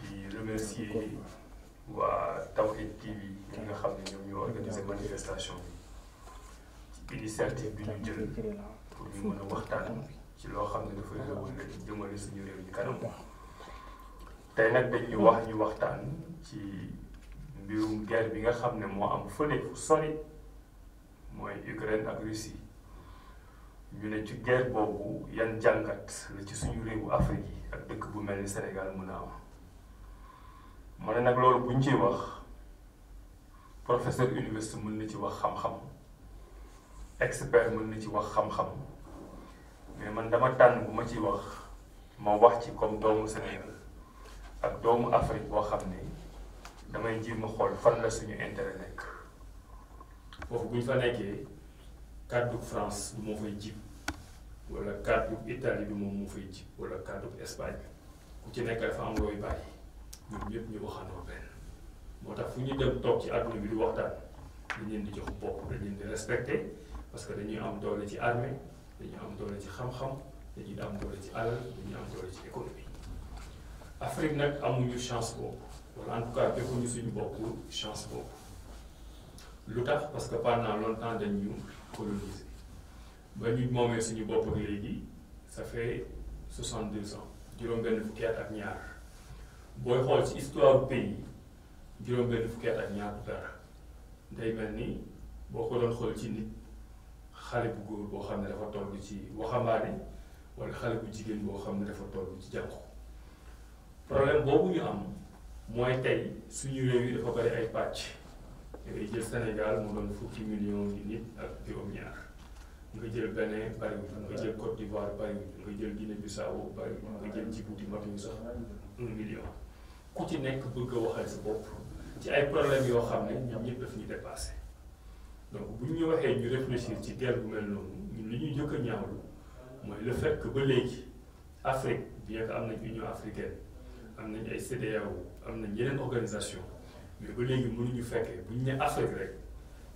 di remercier waa Tawhid TV ñi nga xam ne ñoom ñoo organiser manifestation bi initiative bi ñu jël pour ñu mën a waxtaan ci loo xam ne dafay réewul rek jëmale suñu réew ñi kanam tey nag dañuy wax ñu waxtaan ci mbirum guerre bi nga xam ne moo am fële fu sori mooy Ukraine ak Russie ci guerre boobu yan jàngat la ci suñu réewu Afrique yi ak dëkk bu mel ni Sénégal mën a am ma ne nag loolu bu ñu ciy wax professeur université mën na ci wax xam-xam expert mën na ci wax xam-xam mais man dama tànn bu ma ciy wax ma wax ci comme doomu Sénégal ak doomu Afrique boo xam ne damay jéem a xool fan la suñu intérêt nekk foofu bu ñu fa nekkee kàddu France du moo fay jib wala kàddu Italie bi moom moo fay jib wala kàddu Espagne ku ci nekk dafa am looy bàyyi ñun ñu waxandoo benn moo tax fu ñu dem toog ci àdduna bi di waxtaan dañ leen di jox bopp dañ leen di respecté parce que dañuy am doole ci armée dañuy am doole ci xam-xam dañuy am doole ci àll dañuy am doole ci économie Afrique nag amuñu chance boobu wala en tout suñu bopp chance boobu lu tax parce que pendant longtemps dañ ñu coloniser ba ñu moomee suñu bopp gi ça fait soixante-deux ans juróom-benn fukki at ak ñaar. booy xool ci histoire pays juróom-benn fukki at ak ñaar day mel ni boo ko doon xool ci nit xale bu góor boo xam ne dafa toll ci waxambaane wala xale bu jigéen boo xam ne dafa toll ci jànku problème boobu ñu am mooy tey suñu réew yi dafa bari ay pàcc dangay jël Sénégal mu doon fukki million di nit ak juróom nga jël Benin bariwul nga jël Côte d'Ivoire bariwul nga jël Guinée Bissau bariwul nga jël Djibouti matuñu sax un million ku ci nekk bëgg a waxal sa bopp ci ay problème yoo xam ne ñoom ñëpp daf ñu dépassé donc bu ñu waxee ñu réfléchir ci guerre bu mel noonu ñun li ñuy jëkk a ñaawlu mooy le fekk ba léegi Afrique bien que am nañ Union africaine am nañ ay CEDEAO am nañ yeneen organisation mais ba léegi mënuñu fekkee bu ñu ne Afrique rek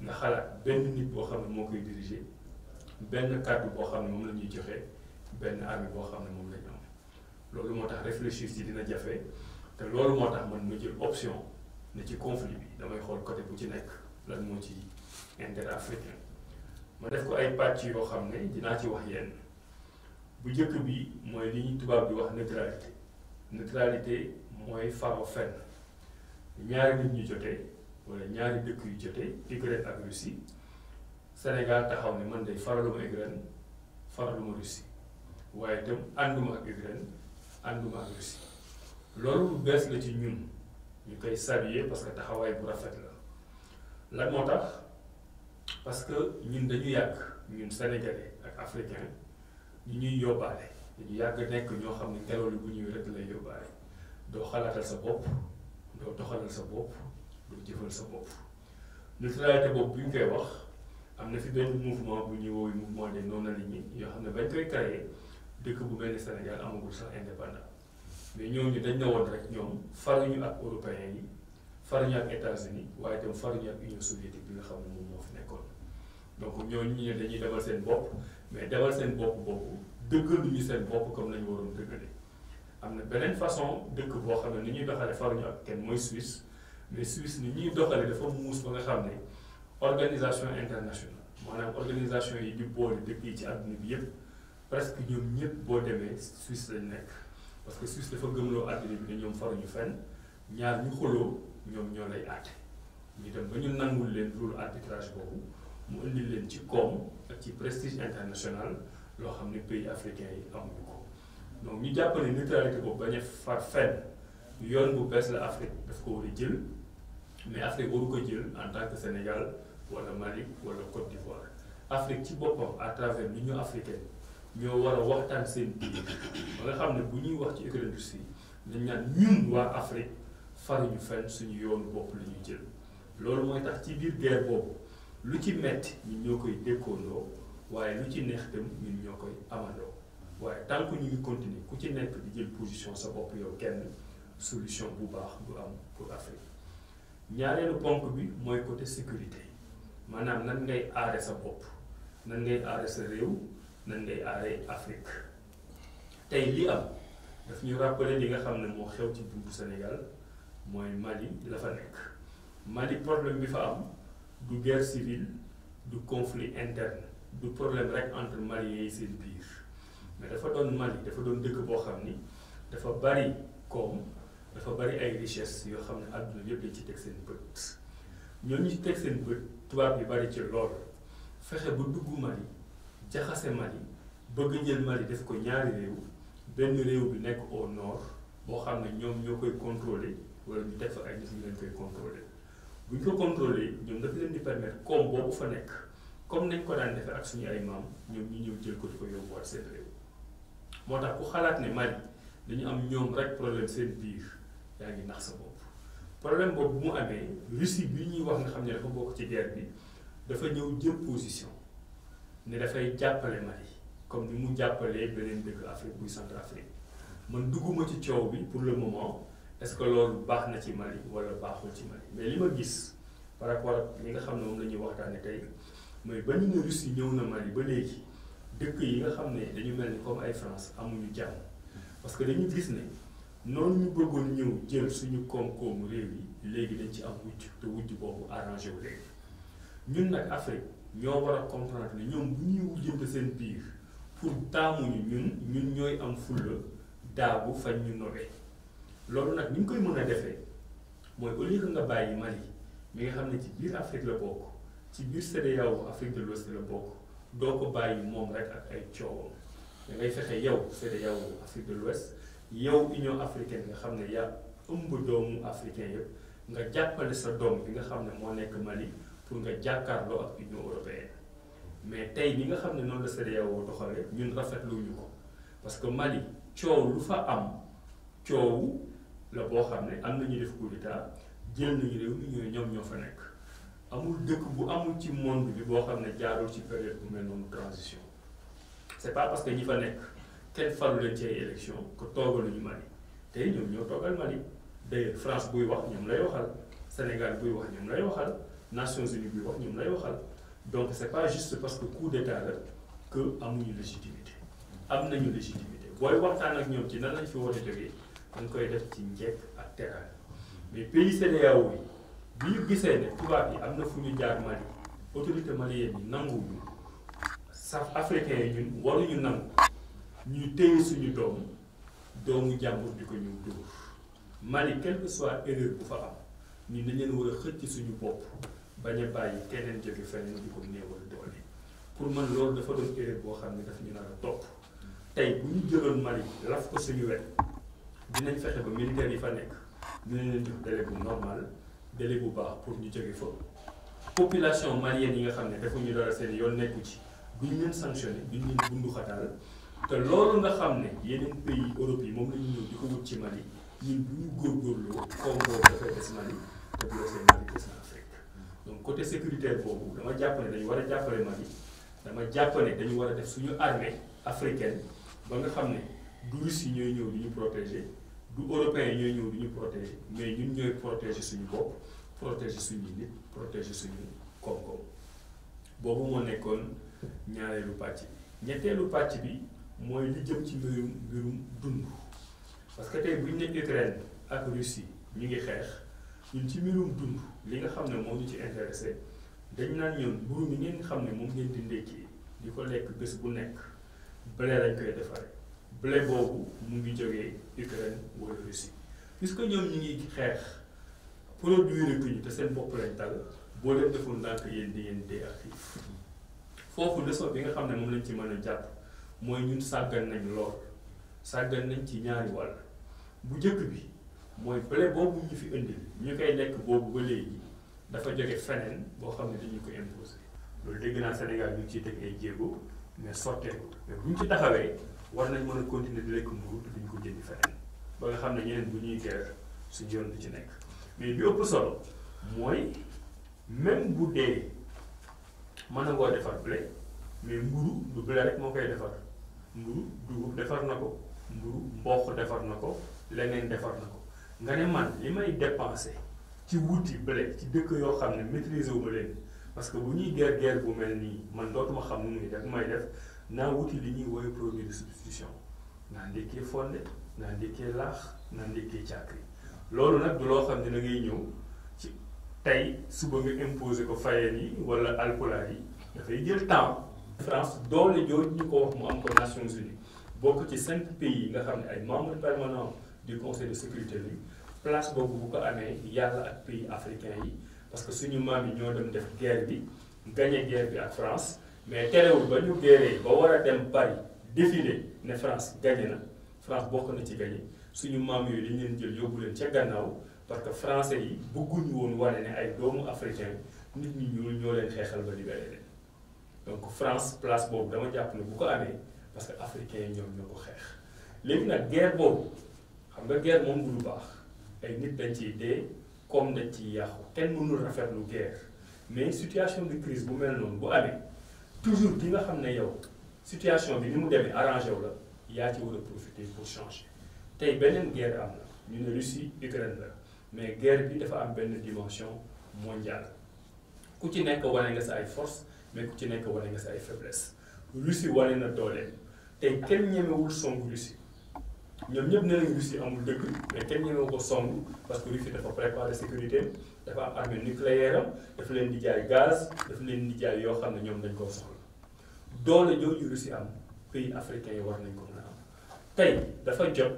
nga xalaat benn nit boo xam ne moo koy diriger benn kàddu boo xam ne moom la ñuy joxe benn armée boo xam ne moom la am loolu moo tax réfléchir ci dina jafe te loolu moo tax man ma jël option ne ci conflit bi damay xool côté bu ci nekk lan moo ci intérêt africain ma def ko ay pàcc yoo xam ne dinaa ci wax yenn bu njëkk bi mooy li ñu tubaab bi wax neutralité neutralité mooy faro fenn ñaari nit ñu jotee wala ñaari dëkk yu jotee Ukraine ak Russie Sénégal taxaw ne man day faraluma Ukraine faraluma Russie waaye itam ànduma ak Ukraine ànduma ak Russie loolu lu bees la ci ñun ñu koy saluer parce que taxawaay bu rafet la lan moo tax parce que ñun dañu yàgg ñun sénégalais ak africain ñu ñuy yóbbaale dañu yàgg nekk ñoo xam ne ngelaw bu ñuy rek lay yóbbaale doo xalaatal sa bopp doo doxalal sa bopp doo jëfal sa bopp neutralité bopp bu ñu koy wax am na fi benn mouvement bu ñuy woowee mouvement des non alignés yoo xam ne bañ koy créer dëkk bu mel ni Sénégal amagul sax indépendant mais ñooñu dañ ne woon rek ñoom faruñu ak européens yi faruñu ak États-Unis waaye itam faruñu ak Union soviétique bi nga xam ne moom moo fi nekkoon donc ñooñu ñu dañuy defal seen bopp mais defal seen bopp boobu dëggaluñu seen bopp comme nañu waroon dëggale am na beneen façon dëkk boo xam ne ni ñuy doxale faruñu ak kenn mooy Suisse mais Suisse ni ñuy doxale dafa muus ba nga xam ne organisation internationale maanaam organisation yi di boole dëkk ci àdduna bi yëpp presque ñoom ñëpp boo demee Suisse lañ nekk parce que Suisse dafa gëmloo àddina bi ne ñoom faruñu fenn ñaar ñu xuloo ñoom ñoo lay àtte ñu dem ba ñu nangul leen loolu arbitrage boobu mu indi leen ci koom ak ci prestige international loo xam ne pays africain yi amuñu ko donc ñu jàpp ne neutralité boobu bañ a far fenn yoon bu bees la Afrique daf ko war a jël mais Afrique waru ko jël en tant Sénégal wala Mali wala Côte d'Ivoire Afrique ci boppam à travers l'Union africaine ñoo war a waxtaan seen biir ba nga xam ne bu ñuy wax ci éco-industrie dañ naan ñun waa Afrique faruñu fenn suñu yoon bopp la ñuy jël loolu mooy tax ci biir guerre boobu lu ci metti ñun ñoo koy dékkoondoo waaye lu ci neex tam ñun ñoo koy amandoo waaye tant que ñu ngi continuer ku ci nekk di jël position sa bopp yow kenn solution bu baax bu am pour Afrique ñaareelu ponk bi mooy côté sécurité maanaam nan ngay aare sa bopp nan ngay aare sa réew nan ngay aaree Afrique tey li am daf ñu rappeler li nga xam ne moo xew ci buntu Sénégal mooy Mali la fa nekk Mali problème bi fa am du guerre civile du conflit interne du problème rek entre mali yi seen biir mais dafa doon Mali dafa doon dëkk boo xam ni dafa bari koom dafa bari ay richesse yoo xam ne àdduna yëpp dañ ci teg seen bët ñoo ñu ci teg seen bët tubaab yi bari ci lool fexe bu dugg Mali jaxase Mali bëgg jël Mali def ko ñaari réew benn réew bi nekk au nord boo xam ne ñoom ñoo koy contrôler wala ñu def ay nit ñu leen bu ñu ko contrôler ñoom dafa leen di permettre comme fa nekk comme nañ ko daan ak suñu ay maam ñoom ñu ñëw jël ko di ko yóbbuwaat seen réew moo tax ku xalaat ne Mali dañu am ñoom rek problème seen biir yaa ngi nax sa bopp problème boobu bu mu amee Russie bi ñuy wax nga xam ne dafa bokk ci guerre bi dafa ñëw jël position ne dafay jàppale Mali comme ni mu jàppalee beneen dëkk Afrique buy Centrafrique man dugguma ci coow bi pour le moment est-ce que loolu baax na ci Mali wala baaxul ci Mali mais li ma gis par rapport ak li nga xam ne moom la ñuy waxtaane tey mooy ba ñu ne Russie ñëw na Mali ba léegi dëkk yi nga xam ne dañu mel ni comme ay France amuñu jàmm parce que dañu gis ne noonu ñu bëggoon ñëw jël suñu koom-koomu réew yi léegi dañ ci am wujj te wujj boobu arrangé wu ñun nag Afrique ñoo war a comprendre ne ñoom bu ñuy wujjante seen biir pour taamuñu ñun ñun ñooy am fulla daagu fañ ñu nobee loolu nag ni ñu koy mën a defee mooy au lieu nga bàyyi Mali mi nga xam ne ci biir Afrique la bokk ci biir CEDEAO Afrique de l'Ouest la bokk doo ko bàyyi moom rek ak ay coowam da ngay fexe yow CEDEAO Afrique de l'Ouest yow Union africaine nga xam ne yaa ëmb doomu africain yëpp nga jàppale sa doom bi nga xam ne moo nekk Mali pour nga jàkkaarloo ak union européenne mais tey ñi nga xam ne noonu la CEDEAO doxalee ñun rafetluwuñu ko parce que Mali coow lu fa am coow la boo xam ne am nañu def coup d'état jël nañu réew mi ñooy ñoom ñoo fa nekk amul dëkk bu amul ci monde bi boo xam ne jaarul ci période bu mel noonu transition c'est pas parce que ñi fa nekk kenn faru leen ci ay élection que toogaluñu Mali tey ñoom ñoo toogal Mali d'ailleurs France buy wax ñoom lay waxal Sénégal buy wax ñoom Nations Unies bi wax ñoom lay waxal donc c' est pas juste parce que coup d' état la que amuñu légitimité am nañu légitimité booy waxtaan ak ñoom ci nan lañ fi war a jógee dañ koy def ci njëkk ak teraanga mais pays CEDEAO yi bi ñu gisee ne tubaab yi am na fu ñu jaar Mali autorité malienne yi nanguwuñu saf africain yi ñun waruñu nangu ñu téye suñu doom doomu jàmbur di ko ñu dóor Mali quelle que soit erreur bu fa am. ñun dañ leen war a xëcc suñu bopp bañ a bàyyi keneen jóge feneen di ko néewal doole pour man loolu dafa doon erreur boo xam ne daf ñu nar a topp tey bu ñu jëloon fexe ba militaire yi fa nekk dinañ bu normal délai bu baax pour ñu jóge fa population malienne yi nga xam ne defuñu dara seen yoon nekku ci duñ leen sanctionné duñ leen bunduxataal te loolu nga xam ne yeneen pays Europe yi moom la ñu di ko wut ci Mali ñun bu ñu góorgóorloo koom boobu dafay des Mali te bu desee donc côté sécuritaire boobu dama jàpp ne dañu war a jàppale Mali dama jàpp dañu war a def suñu armée africaine ba nga xam ne du Russes ñooy ñëw di ñu protéger du européens yi ñooy ñëw di ñu protéger mais ñun ñooy protéger suñu bopp protéger suñu nit protéger suñu koom-koom boobu moo nekkoon ñaareelu pàcc ñetteelu pàcc bi mooy li jëm ci mbirum mbirum dund parce que te bu ñu ne Ukraine ak Russie ñu ngi xeex. ñun ci mbirum dund li nga xam ne moom ñu ci intéressé dañ naan ñoom mburu mi ngeen xam ne moom ngeen di ndékkee di ko lekk bés bu nekk blé lañ koy defaree blé boobu mu ngi jógee Ukraine wala Russie puisque ñoom ñu ngi xeex produire ku ñu te seen bopp lañ tal boo leen deful ndànk yéen di ngeen dee ak xiif foofu leçon bi nga xam ne moom lañ ci mën a jàpp mooy ñun sàggan nañ lool sàggan nañ ci ñaari wàll bu njëkk bi mooy blé boobu ñu fi indi ñu koy lekk boobu ba léegi dafa jóge feneen boo xam ne dañu ko imposé loolu dégg naa Sénégal ñu ngi ciy teg ay jéego mais sotteeku mais bu ñu ci taxawee war nañ mën a continuer di lekk mburu te duñ ko jëndi feneen ba nga xam ne ñeneen bu ñuy geer suñu yoon bi ci nekk mais bi ëpp solo mooy même bu dee mën na ngoo defar blé mais mburu du blé rek moo koy defar mburu dugub defar na ko mburu mboq defar na ko leneen defar na ko nga ne man li may dépensé ci wuti bële ci dëkk yoo xam ne maîtriser wu ma leen parce que bu ñuy guerre guerre bu mel nii man dootuma xam nu muy def may def naa wuti li ñuy woowee produit de substitution naa ndekkee fonde naa ndekkee laax naa ndekkee càkkri loolu nag du loo xam na da ngay ñëw ci tey suba nga imposé ko fayeen yi wala alpulaar yi dafay jël temps France doole jooju ñu ko wax mu am ko Nations Unies bokk ci cinq pays yi nga xam ne ay membres permanents di conseil de sécurité bi place boobu bu ko amee yàlla ak pays africain yi parce que suñu maam yi ñoo dem def guerre bi gagné guerre bi ak France mais terewul ba ñu guerree ba war a dem Paris défilé ne France gagné na France bokk na ci gagné suñu maam yooyu dañ leen jël yóbbu leen ca gannaaw parce que français yi bëgguñu woon wane ne ay doomu africain nit ñi ñuul ñoo leen xeexal ba libéré leen donc France place boobu dama jàpp ne bu ko amee parce que africain yi ñoom xeex léegi nag guerre xam nga guerre moom du lu baax ay nit lañ ci dee comme dañ ci yàqu kenn mënul lu guerre mais situation de crise bu mel noonu bu amee toujours di nga xam ne yow situation bi ni mu demee arrangé wu la yaa ci war a profité pour changer tey beneen guerre am na ñu ne Russie Ukraine la mais guerre bi dafa am benn dimension mondiale ku ci nekk wane nga sa ay force mais ku ci nekk wane nga sa ay faiblesse Russie wane na dooleem tey kenn ñemewul songu Russie ñoom ñëpp nee nañu Russie amul dëkk mais kenn ñemewoo ko song parce que Russie dafa préparé sécurité dafa am armée nucléaire dafa leen di jaay gaz dafa leen di jaay yoo xam ne ñoom dañ koo soxla doole jooju Russie am pays africain yi war nañ ko mën am tey dafa jot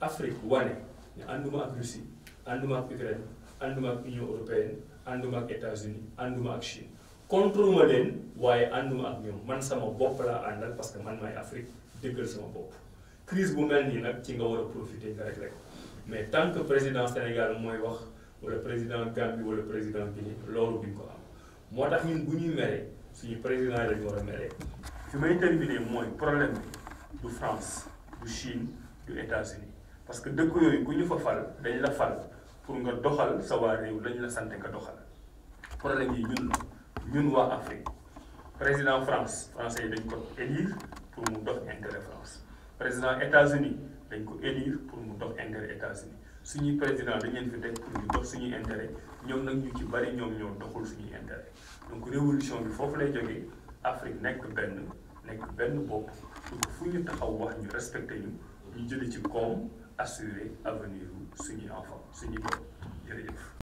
Afrique wane ne ànduma ak Russie ànduma ak Ukraine ànduma ak Union européenne ànduma ak États-Unis ànduma ak Chine contre ma leen waaye ànduma ak ñoom man sama bopp laa àndal parce que man maay Afrique dëggal sama bopp. crise bu mel nii nag ci nga war a profiter nga réglé ko mais tan que président Sénégal mooy wax wala président Gambie wala président Guinée loolu duñ ko am moo tax ñun bu ñuy meree suñu président yi lañ war a meree fi may terminer mooy problème bi du France du Chine du États-Unis parce que dëkk yooyu ku ñu fa fal dañ la fal pour nga doxal sa waa réew dañ la sant nga doxal problème yi ñun ñun waa Afrique président France français yi dañ ko élire pour mu dox intérêt président États-Unis dañ ko élire pour mu dox intérêt États-Unis suñu président dañ leen fi teg pour ñu dox suñuy intérêt ñoom nag ñu ci bari ñoom ñoo doxul suñuy intérêt donc révolution bi foofu lay jógee Afrique nekk benn nekk benn bopp pour fu ñu taxaw wax ñu respecté ñu ñu jëlee ci koom assurer avenir suñuy enfant suñuy bopp jërëjëf.